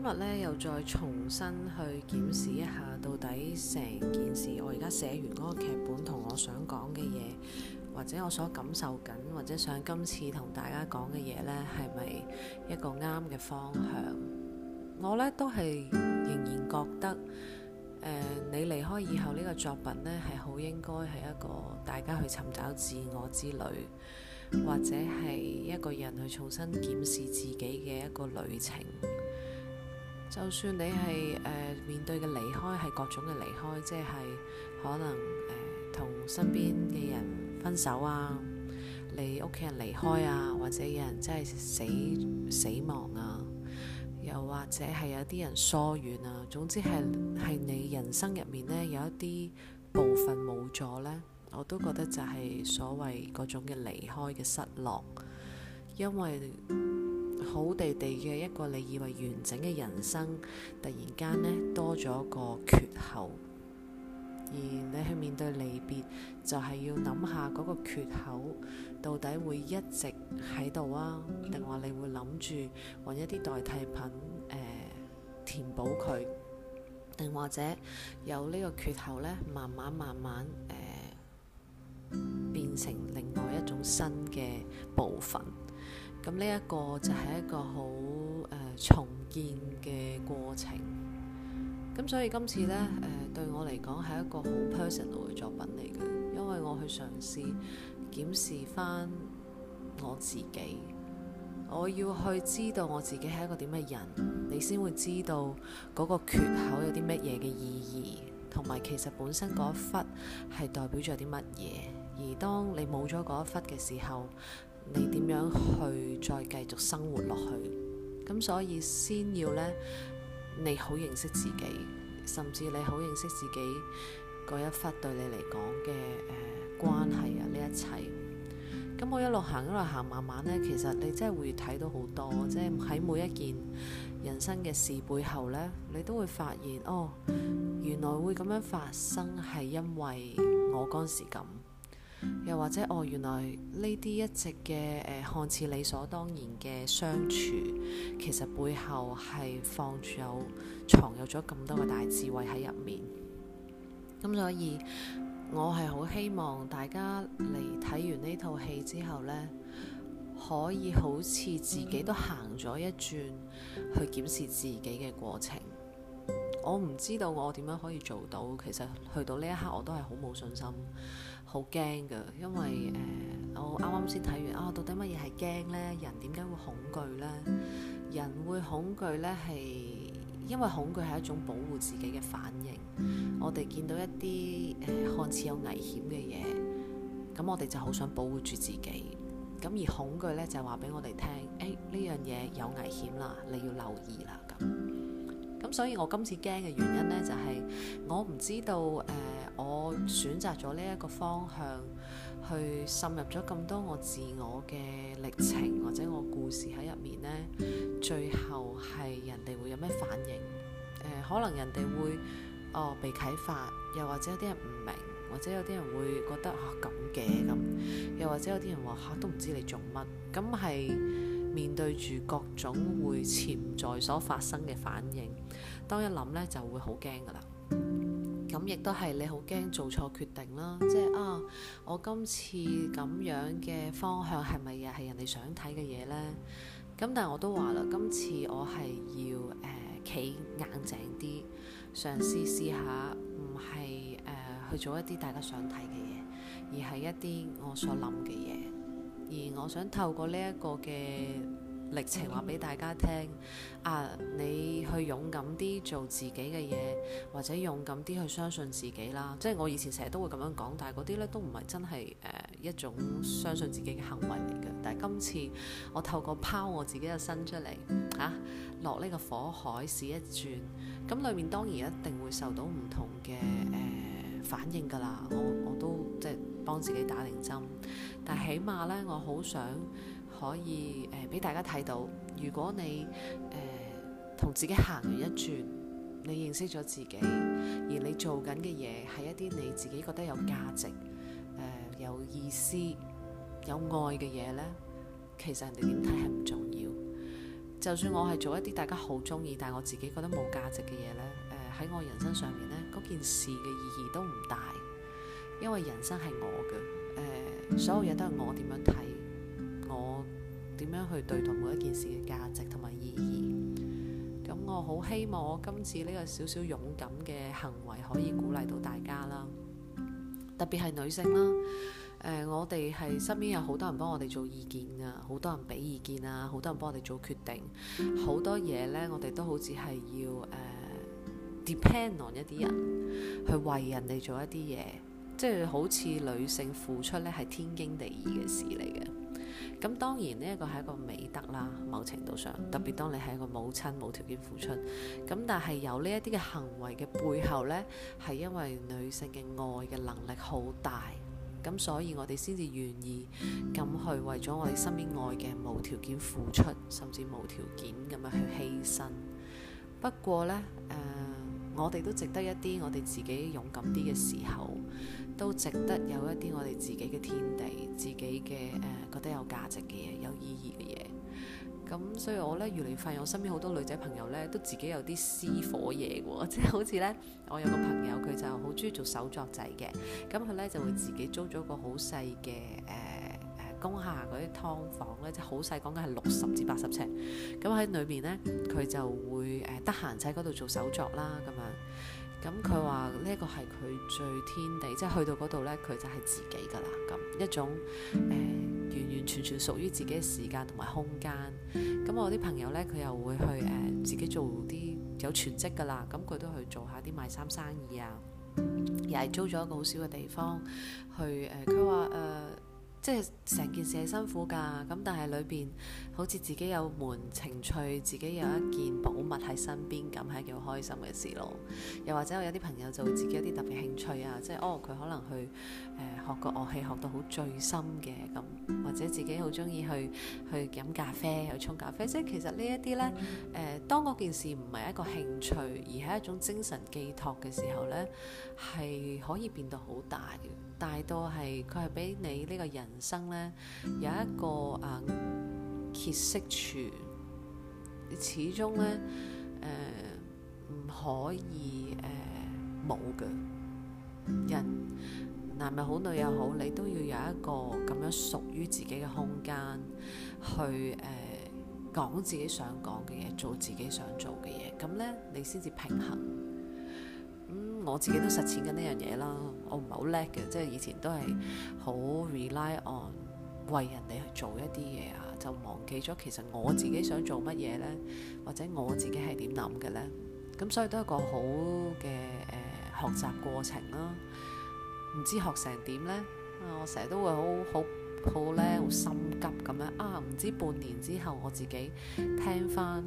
今日咧，又再重新去檢視一下，到底成件事，我而家寫完嗰個劇本同我想講嘅嘢，或者我所感受緊，或者想今次同大家講嘅嘢呢係咪一個啱嘅方向？我呢，都係仍然覺得，呃，你離開以後呢個作品呢，係好應該係一個大家去尋找自我之旅，或者係一個人去重新檢視自己嘅一個旅程。就算你係誒、呃、面對嘅離開，係各種嘅離開，即係可能同、呃、身邊嘅人分手啊，你屋企人離開啊，或者有人真係死死亡啊，又或者係有啲人疏遠啊，總之係係你人生入面呢有一啲部分冇咗呢，我都覺得就係所謂嗰種嘅離開嘅失落，因為，好地地嘅一個你以為完整嘅人生，突然間呢多咗個缺口，而你去面對離別，就係、是、要諗下嗰個缺口到底會一直喺度啊，定話你會諗住揾一啲代替品誒、呃、填補佢，定或者有呢個缺口呢，慢慢慢慢誒、呃、變成另外一種新嘅部分。咁呢一個就係一個好重建嘅過程，咁所以今次呢，誒、呃、對我嚟講係一個好 personal 嘅作品嚟嘅，因為我去嘗試檢視翻我自己，我要去知道我自己係一個點嘅人，你先會知道嗰個缺口有啲乜嘢嘅意義，同埋其實本身嗰一忽係代表咗啲乜嘢，而當你冇咗嗰一忽嘅時候。你點樣去再繼續生活落去？咁所以先要呢，你好認識自己，甚至你好認識自己嗰一忽對你嚟講嘅誒關係啊，呢一切。咁我一路行一路行，慢慢呢，其實你真係會睇到好多，即係喺每一件人生嘅事背後呢，你都會發現哦，原來會咁樣發生係因為我嗰時咁。又或者，我、哦、原來呢啲一直嘅誒、呃，看似理所當然嘅相處，其實背後係放住有藏有咗咁多嘅大智慧喺入面。咁所以，我係好希望大家嚟睇完呢套戲之後呢，可以好似自己都行咗一轉，去檢視自己嘅過程。我唔知道我點樣可以做到，其實去到呢一刻我都係好冇信心，好驚㗎。因為誒、呃，我啱啱先睇完，我、哦、到底乜嘢係驚呢？人點解會恐懼呢？人會恐懼呢？係因為恐懼係一種保護自己嘅反應。我哋見到一啲、呃、看似有危險嘅嘢，咁我哋就好想保護住自己。咁而恐懼呢，就係話俾我哋聽，誒呢樣嘢有危險啦，你要留意啦咁。咁所以我今次驚嘅原因呢，就係、是、我唔知道誒、呃，我選擇咗呢一個方向去滲入咗咁多我自我嘅歷程，或者我故事喺入面呢，最後係人哋會有咩反應？呃、可能人哋會哦、呃、被啟發，又或者有啲人唔明，或者有啲人會覺得嚇咁嘅咁，又或者有啲人話嚇、啊、都唔知你做乜，咁係。面對住各種會潛在所發生嘅反應，當一諗呢就會好驚噶啦。咁亦都係你好驚做錯決定啦。即係啊，我今次咁樣嘅方向係咪又係人哋想睇嘅嘢呢？咁但係我都話啦，今次我係要、呃、企硬淨啲，嘗試試下唔係、呃、去做一啲大家想睇嘅嘢，而係一啲我所諗嘅嘢。而我想透過呢一個嘅歷程話俾大家聽，嗯、啊，你去勇敢啲做自己嘅嘢，或者勇敢啲去相信自己啦。即係我以前成日都會咁樣講，但係嗰啲呢都唔係真係誒、呃、一種相信自己嘅行為嚟嘅。但係今次我透過拋我自己嘅身出嚟，嚇、啊、落呢個火海，試一轉，咁裏面當然一定會受到唔同嘅誒、呃、反應㗎啦。我我。自己打定針，但起碼咧，我好想可以誒，俾、呃、大家睇到，如果你誒、同、呃、自己行完一轉，你認識咗自己，而你做緊嘅嘢係一啲你自己覺得有價值誒、呃、有意思、有愛嘅嘢咧，其實人哋點睇係唔重要。就算我係做一啲大家好中意，但係我自己覺得冇價值嘅嘢咧，誒、呃、喺我人生上面咧，嗰件事嘅意義都唔大。因為人生係我嘅，誒、呃，所有嘢都係我點樣睇，我點樣去對待每一件事嘅價值同埋意義。咁我好希望我今次呢個少少勇敢嘅行為可以鼓勵到大家啦，特別係女性啦。誒、呃，我哋係身邊有好多人幫我哋做意見啊，好多人俾意見啊，好多人幫我哋做決定，好多嘢呢，我哋都好似係要誒、呃、depend on 一啲人去為人哋做一啲嘢。即係好似女性付出咧，係天經地義嘅事嚟嘅。咁當然呢一個係一個美德啦，某程度上，特別當你係一個母親，冇條件付出。咁但係有呢一啲嘅行為嘅背後呢，係因為女性嘅愛嘅能力好大。咁所以我哋先至願意咁去為咗我哋身邊愛嘅人無條件付出，甚至無條件咁樣去犧牲。不過呢，誒、呃，我哋都值得一啲我哋自己勇敢啲嘅時候。都值得有一啲我哋自己嘅天地，自己嘅誒、呃，覺得有價值嘅嘢，有意義嘅嘢。咁所以我咧越嚟越發現我身邊好多女仔朋友咧都自己有啲私火嘢，即係好似咧，我有個朋友，佢就好中意做手作仔嘅。咁佢咧就會自己租咗個好細嘅誒誒工廈嗰啲劏房咧，即係好細講緊係六十至八十尺。咁喺裏面咧，佢就會誒得閒喺嗰度做手作啦，咁樣。咁佢話呢個係佢最天地，即係去到嗰度呢，佢就係自己噶啦。咁一種、呃、完完全全屬於自己嘅時間同埋空間。咁我啲朋友呢，佢又會去誒、呃、自己做啲有全職噶啦。咁佢都去做下啲賣衫生意啊，又係租咗一個好少嘅地方去誒。佢話誒。即係成件事係辛苦㗎，咁但係裏邊好似自己有門情趣，自己有一件寶物喺身邊咁，係幾好開心嘅事咯。又或者我有啲朋友就會自己有啲特別興趣啊，即係哦佢可能去誒、呃、學個樂器學到好醉心嘅咁，或者自己好中意去去飲咖啡、去沖咖啡。即係其實呢一啲呢，誒、呃、當嗰件事唔係一個興趣，而係一種精神寄託嘅時候呢，係可以變到好大嘅。大到係佢係俾你呢個人生呢，有一個啊歇息處，始終呢唔、呃、可以冇嘅、呃、人，男又好女又好，你都要有一個咁樣屬於自己嘅空間去誒講、呃、自己想講嘅嘢，做自己想做嘅嘢，咁呢，你先至平衡。我自己都實踐緊呢樣嘢啦，我唔係好叻嘅，即係以前都係好 rely on 為人哋去做一啲嘢啊，就忘記咗其實我自己想做乜嘢呢，或者我自己係點諗嘅呢。咁所以都係一個好嘅誒、呃、學習過程啦。唔知學成點呢？啊，我成日都會好好好叻，好心急咁樣啊，唔知半年之後我自己聽返。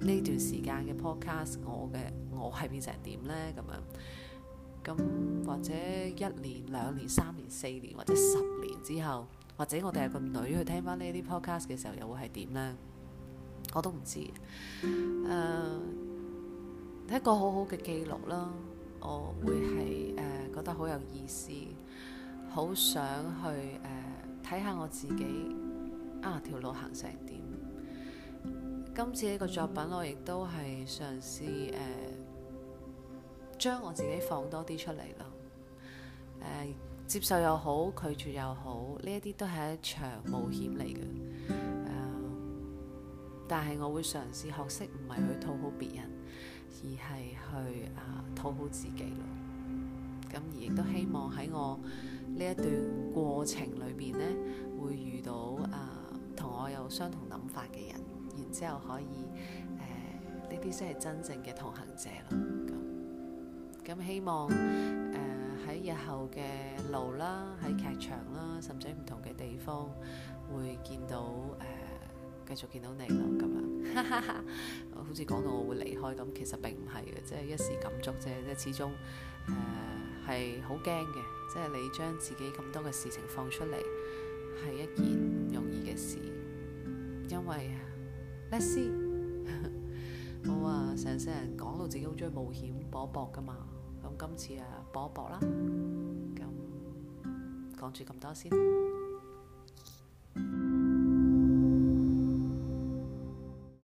呢段時間嘅 podcast，我嘅我係變成點咧？咁樣咁或者一年、兩年、三年、四年或者十年之後，或者我哋係個女去聽翻呢啲 podcast 嘅時候，又會係點咧？我都唔知。誒、呃、一個好好嘅記錄啦，我會係誒、呃、覺得好有意思，好想去誒睇下我自己啊條路行成點。今次呢個作品，我亦都係嘗試誒將、uh, 我自己放多啲出嚟咯。Uh, 接受又好，拒絕又好，呢一啲都係一場冒險嚟嘅。Uh, 但係我會嘗試學識唔係去討好別人，而係去啊討、uh, 好自己咯。咁而亦都希望喺我呢一段過程裏邊呢會遇到啊同、uh, 我有相同諗法嘅人。之後可以誒，呢啲先係真正嘅同行者咯。咁咁希望誒喺、呃、日後嘅路啦，喺劇場啦，甚至唔同嘅地方會見到誒、呃，繼續見到你咯。咁樣 好似講到我會離開咁，其實並唔係嘅，即係一時感觸啫。即係始終誒係好驚嘅，即係你將自己咁多嘅事情放出嚟係一件唔容易嘅事，因為。我 啊，成世人講到自己好中意冒險搏一搏㗎嘛，咁今次啊搏一搏啦，咁講住咁多先。